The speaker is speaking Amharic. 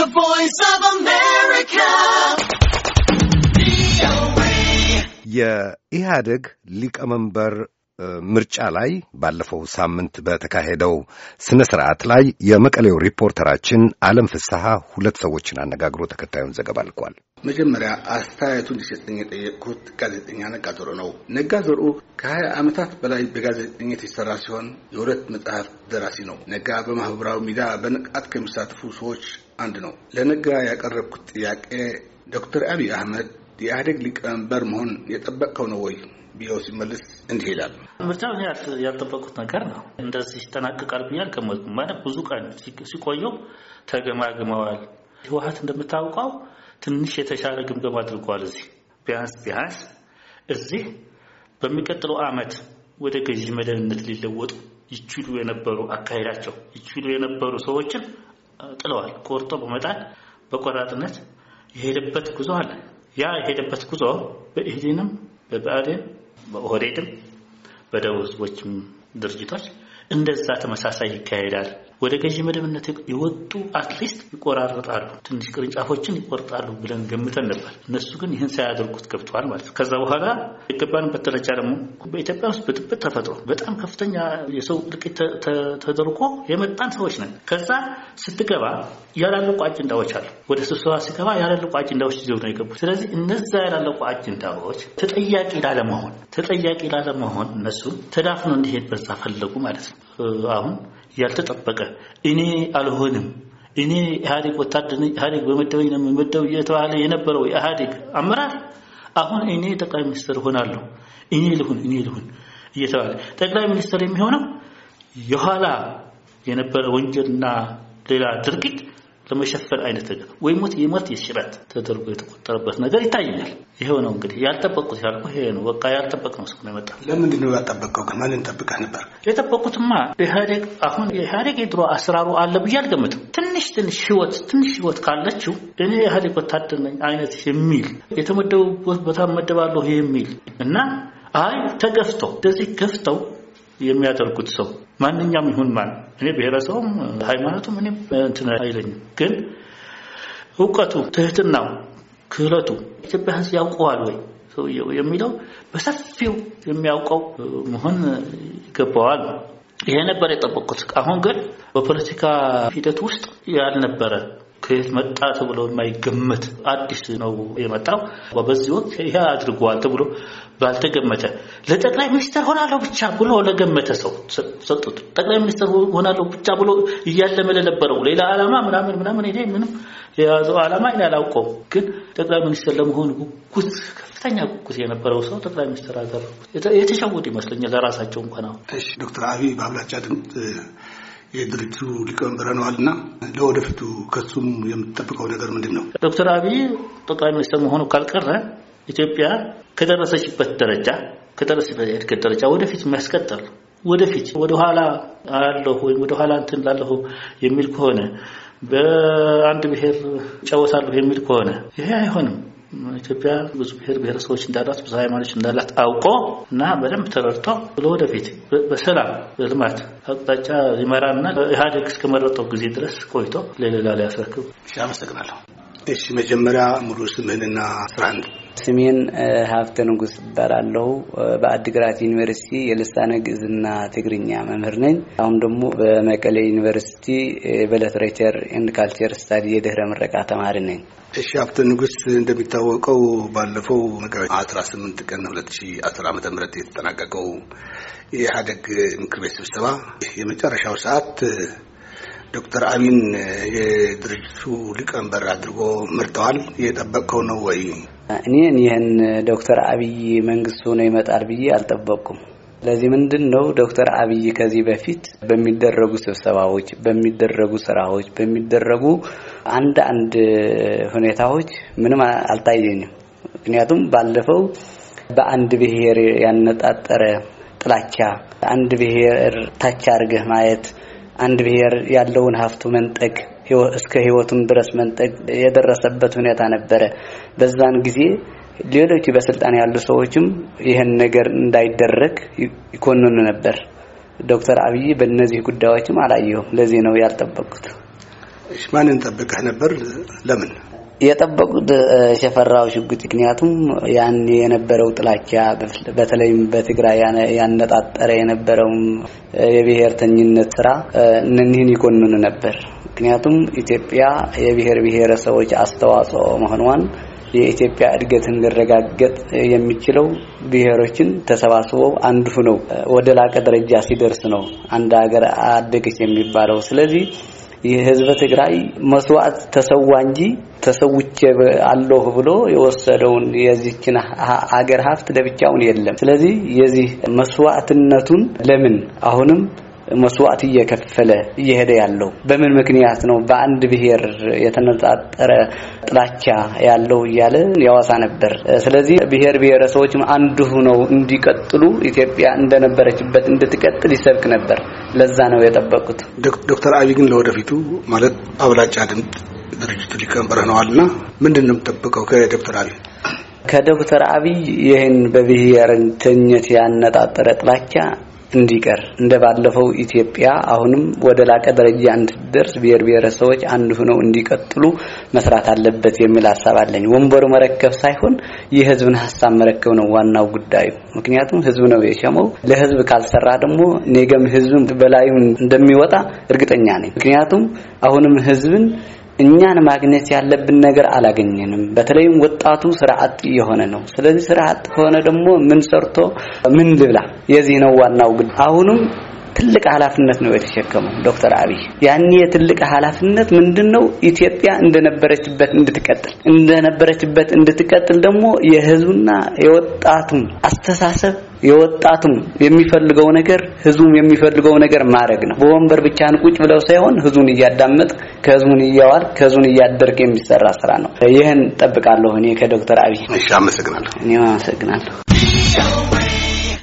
The Voice of America. የኢህአደግ ሊቀመንበር ምርጫ ላይ ባለፈው ሳምንት በተካሄደው ስነ ስርዓት ላይ የመቀሌው ሪፖርተራችን አለም ፍስሐ ሁለት ሰዎችን አነጋግሮ ተከታዩን ዘገባ ልኳል። መጀመሪያ አስተያየቱን እንዲሰጠኝ የጠየቅኩት ጋዜጠኛ ነጋ ዞሮ ነው። ነጋ ዞሮ ከሀያ ዓመታት በላይ በጋዜጠኝነት የሰራ ሲሆን የሁለት መጽሐፍ ደራሲ ነው። ነጋ በማህበራዊ ሚዲያ በንቃት ከሚሳተፉ ሰዎች አንድ ነው። ለነጋ ያቀረብኩት ጥያቄ ዶክተር አብይ አህመድ የኢህአዴግ ሊቀመንበር መሆን የጠበቅከው ነው ወይ ቢሆን ሲመልስ እንዲህ ይላል። ምርጫው እኔ ያልጠበቁት ነገር ነው። እንደዚህ ይጠናቀቃል ብዬ አልገመትኩም። ማለት ብዙ ቀን ሲቆየው ተገማግመዋል። ህወሀት እንደምታውቀው ትንሽ የተሻለ ግምገማ አድርጓል። እዚህ ቢያንስ ቢያንስ እዚህ በሚቀጥለው አመት ወደ ገዢ መደብነት ሊለወጡ ይችሉ የነበሩ አካሄዳቸው ይችሉ የነበሩ ሰዎችን ጥለዋል። ቆርጦ በመጣል በቆራጥነት የሄደበት ጉዞ አለ። ያ የሄደበት ጉዞ በኢህዴንም በብአዴን በኦህዴድም በደቡብ ህዝቦችም ድርጅቶች እንደዛ ተመሳሳይ ይካሄዳል ወደ ገዢ መደብነት የወጡ አትሊስት ይቆራረጣሉ፣ ትንሽ ቅርንጫፎችን ይቆርጣሉ ብለን ገምተን ነበር። እነሱ ግን ይህን ሳያደርጉት ገብተዋል ማለት። ከዛ በኋላ የገባንበት ደረጃ ደግሞ በኢትዮጵያ ውስጥ ብጥብጥ ተፈጥሮ በጣም ከፍተኛ የሰው እልቂት ተደርጎ የመጣን ሰዎች ነን። ከዛ ስትገባ ያላለቁ አጀንዳዎች አሉ። ወደ ስብሰባ ሲገባ ያላለቁ አጀንዳዎች ይዘው ነው የገቡ። ስለዚህ እነዛ ያላለቁ አጀንዳዎች ተጠያቂ ላለመሆን ተጠያቂ ላለመሆን እነሱ ተዳፍኖ እንዲሄድ በዛ ፈለጉ ማለት ነው አሁን ያልተጠበቀ እኔ አልሆንም እኔ ኢህአዴግ ወታደር ነኝ ኢህአዴግ በመደበኝ ነው የምመደው እየተባለ የነበረው የኢህአዴግ አመራር አሁን እኔ ጠቅላይ ሚኒስትር ሆናለሁ እኔ ልሁን እኔ ልሁን እየተባለ ጠቅላይ ሚኒስትር የሚሆነው የኋላ የነበረ ወንጀልና ሌላ ድርጊት ለመሸፈን አይነት ነገር ወይ ሞት የሞት የሽረት ተደርጎ የተቆጠረበት ነገር ይታየኛል። ይሄው ነው እንግዲህ ያልጠበቁት ያልኩ ይሄ ነው። በቃ ያልጠበቅ ነው እስከ ነው የመጣ። ለምንድን ነው ያልጠበቀው? ግን ማንን ጠብቀህ ነበር? የጠበቁትማ ኢህአዴግ አሁን የኢህአዴግ የድሮ አሰራሩ አለ ብዬ አልገምትም። ትንሽ ትንሽ ህይወት ትንሽ ህይወት ካለችው እኔ ኢህአዴግ ወታደር ነኝ አይነት የሚል የተመደቡበት ቦታ መደባለሁ የሚል እና አይ ተገፍተው እንደዚህ ገፍተው የሚያደርጉት ሰው ማንኛውም ይሁን ማን እኔ ብሔረሰቡም ሃይማኖቱም እኔም እንትን አይለኝም። ግን እውቀቱ፣ ትህትናው፣ ክህለቱ ኢትዮጵያ ሕዝብ ያውቀዋል ወይ ሰውየው የሚለው በሰፊው የሚያውቀው መሆን ይገባዋል። ይሄ ነበር የጠበቁት አሁን ግን በፖለቲካ ሂደት ውስጥ ያልነበረ ከየት መጣ ተብሎ የማይገመት አዲስ ነው የመጣው። በዚህ ወቅት ይህ አድርጓል ተብሎ ባልተገመተ ለጠቅላይ ሚኒስትር ሆናለሁ ብቻ ብሎ ለገመተ ሰው ሰጡት። ጠቅላይ ሚኒስትር ሆናለሁ ብቻ ብሎ እያለመ ለነበረው ሌላ ዓላማ ምናምን ምናምን እኔ ምንም የያዘው ዓላማ እኔ አላውቀውም። ግን ጠቅላይ ሚኒስትር ለመሆን ጉጉት ከፍተኛ ጉጉት የነበረው ሰው ጠቅላይ ሚኒስትር አደረጉት። የተሸወዱ ይመስለኛል ለራሳቸው እንኳን። አሁን ዶክተር አብይ በአብላጫ ድምፅ የድርጅቱ ሊቀመንበር ና ለወደፊቱ ከሱም የምትጠብቀው ነገር ምንድን ነው? ዶክተር አብይ ጠቅላይ ሚኒስትር መሆኑ ካልቀረ ኢትዮጵያ ከደረሰችበት ደረጃ ከደረሰችበት የእድገት ደረጃ ወደፊት የሚያስቀጠል ወደፊት ወደኋላ አለሁ ወይም ወደኋላ እንትን ላለሁ የሚል ከሆነ በአንድ ብሔር ጫወታለሁ የሚል ከሆነ ይሄ አይሆንም። ኢትዮጵያ ብዙ ብሔር ብሔረሰቦች እንዳላት ብዙ ሃይማኖች እንዳላት አውቆ እና በደንብ ተረድቶ ብሎ ወደፊት በሰላም በልማት አቅጣጫ ሊመራና ኢህአዴግ እስከመረጠው ጊዜ ድረስ ቆይቶ ለሌላ ላይ አመሰግናለሁ። እሺ መጀመሪያ ሙሉ ስምህንና ስራህን። ስሜን ሀብተ ንጉስ እባላለሁ። በአዲግራት ዩኒቨርሲቲ የልሳነ ግዕዝና ትግርኛ መምህር ነኝ። አሁን ደግሞ በመቀሌ ዩኒቨርሲቲ በሊትሬቸር ኤንድ ካልቸር ስታዲ የድህረ ምረቃ ተማሪ ነኝ። እሺ ሀብተ ንጉስ፣ እንደሚታወቀው ባለፈው መጋቢት 18 ቀን አመተ ዓ.ም የተጠናቀቀው የኢህአደግ ምክር ቤት ስብሰባ የመጨረሻው ሰዓት ዶክተር አቢን የድርጅቱ ሊቀመንበር አድርጎ መርጠዋል። የጠበቅከው ነው ወይ? እኔን ይህን ዶክተር አብይ መንግስት ሆኖ ይመጣል ብዬ አልጠበቅኩም። ለዚህ ምንድን ነው ዶክተር አብይ ከዚህ በፊት በሚደረጉ ስብሰባዎች፣ በሚደረጉ ስራዎች፣ በሚደረጉ አንድ አንድ ሁኔታዎች ምንም አልታየኝም። ምክንያቱም ባለፈው በአንድ ብሔር ያነጣጠረ ጥላቻ፣ አንድ ብሔር ታች አድርገህ ማየት አንድ ብሔር ያለውን ሀብቱ መንጠቅ እስከ ህይወቱም ድረስ መንጠቅ የደረሰበት ሁኔታ ነበረ። በዛን ጊዜ ሌሎች በስልጣን ያሉ ሰዎችም ይህን ነገር እንዳይደረግ ይኮንኑ ነበር። ዶክተር አብይ በእነዚህ ጉዳዮችም አላየሁም። ለዚህ ነው ያልጠበቅኩት። ማንን ጠብቀህ ነበር? ለምን የጠበቁት ሸፈራው ሽጉጥ ምክንያቱም ያን የነበረው ጥላቻ በተለይም በትግራይ ያነጣጠረ የነበረው የብሔርተኝነት ስራ እነኚህን ይኮንኑ ነበር። ምክንያቱም ኢትዮጵያ የብሔር ብሔረሰቦች አስተዋጽኦ መሆኗን የኢትዮጵያ እድገትን እንዲረጋገጥ የሚችለው ብሔሮችን ተሰባስቦ አንዱ ሆነው ወደ ላቀ ደረጃ ሲደርስ ነው አንድ ሀገር አደገች የሚባለው። ስለዚህ የህዝበ ትግራይ መስዋዕት ተሰዋ እንጂ ተሰውቼ አለሁ ብሎ የወሰደውን የዚችን አገር ሀብት ለብቻውን የለም። ስለዚህ የዚህ መስዋዕትነቱን ለምን አሁንም መስዋዕት እየከፈለ እየሄደ ያለው በምን ምክንያት ነው? በአንድ ብሔር የተነጣጠረ ጥላቻ ያለው እያለ ያዋሳ ነበር። ስለዚህ ብሔር ብሔረሰቦች አንድ ሆነው እንዲቀጥሉ ኢትዮጵያ እንደነበረችበት እንድትቀጥል ይሰብክ ነበር። ለዛ ነው የጠበቁት። ዶክተር አብይ ግን ለወደፊቱ ማለት አብላጫ ድምፅ ድርጅቱ ሊቀመንበር ሆነዋልና ምንድን ነው የምጠብቀው ከዶክተር አብይ? ከዶክተር አብይ ይህን በብሔርተኝነት ያነጣጠረ ጥላቻ እንዲቀር እንደ ባለፈው ኢትዮጵያ አሁንም ወደ ላቀ ደረጃ እንድትደርስ ብሔር ብሔረሰቦች አንድ ሆነው እንዲቀጥሉ መስራት አለበት የሚል ሀሳብ አለኝ። ወንበሩ መረከብ ሳይሆን የህዝብን ሀሳብ መረከብ ነው ዋናው ጉዳዩ። ምክንያቱም ህዝብ ነው የሸመው። ለህዝብ ካልሰራ ደግሞ ኔገም ህዝብን በላዩ እንደሚወጣ እርግጠኛ ነኝ። ምክንያቱም አሁንም ህዝብን እኛን ማግኘት ያለብን ነገር አላገኘንም። በተለይም ወጣቱ ስራ አጥ የሆነ ነው። ስለዚህ ስራ አጥ ከሆነ ደግሞ ምን ሰርቶ ምን ልብላ? የዚህ ነው ዋናው ግን አሁንም ትልቅ ኃላፊነት ነው የተሸከመው ዶክተር አብይ። ያን የትልቅ ኃላፊነት ምንድነው? ኢትዮጵያ እንደነበረችበት እንድትቀጥል እንደነበረችበት እንድትቀጥል ደግሞ የህዝቡና የወጣቱ አስተሳሰብ የወጣቱም የሚፈልገው ነገር ህዝቡም የሚፈልገው ነገር ማድረግ ነው። በወንበር ብቻህን ቁጭ ብለው ሳይሆን ህዝቡን እያዳመጥ ከህዝቡን እያዋል ከህዝቡን እያደርግ የሚሰራ ስራ ነው። ይህን ጠብቃለሁ እኔ ከዶክተር አብይ። እሺ፣ አመሰግናለሁ። እኔ አመሰግናለሁ።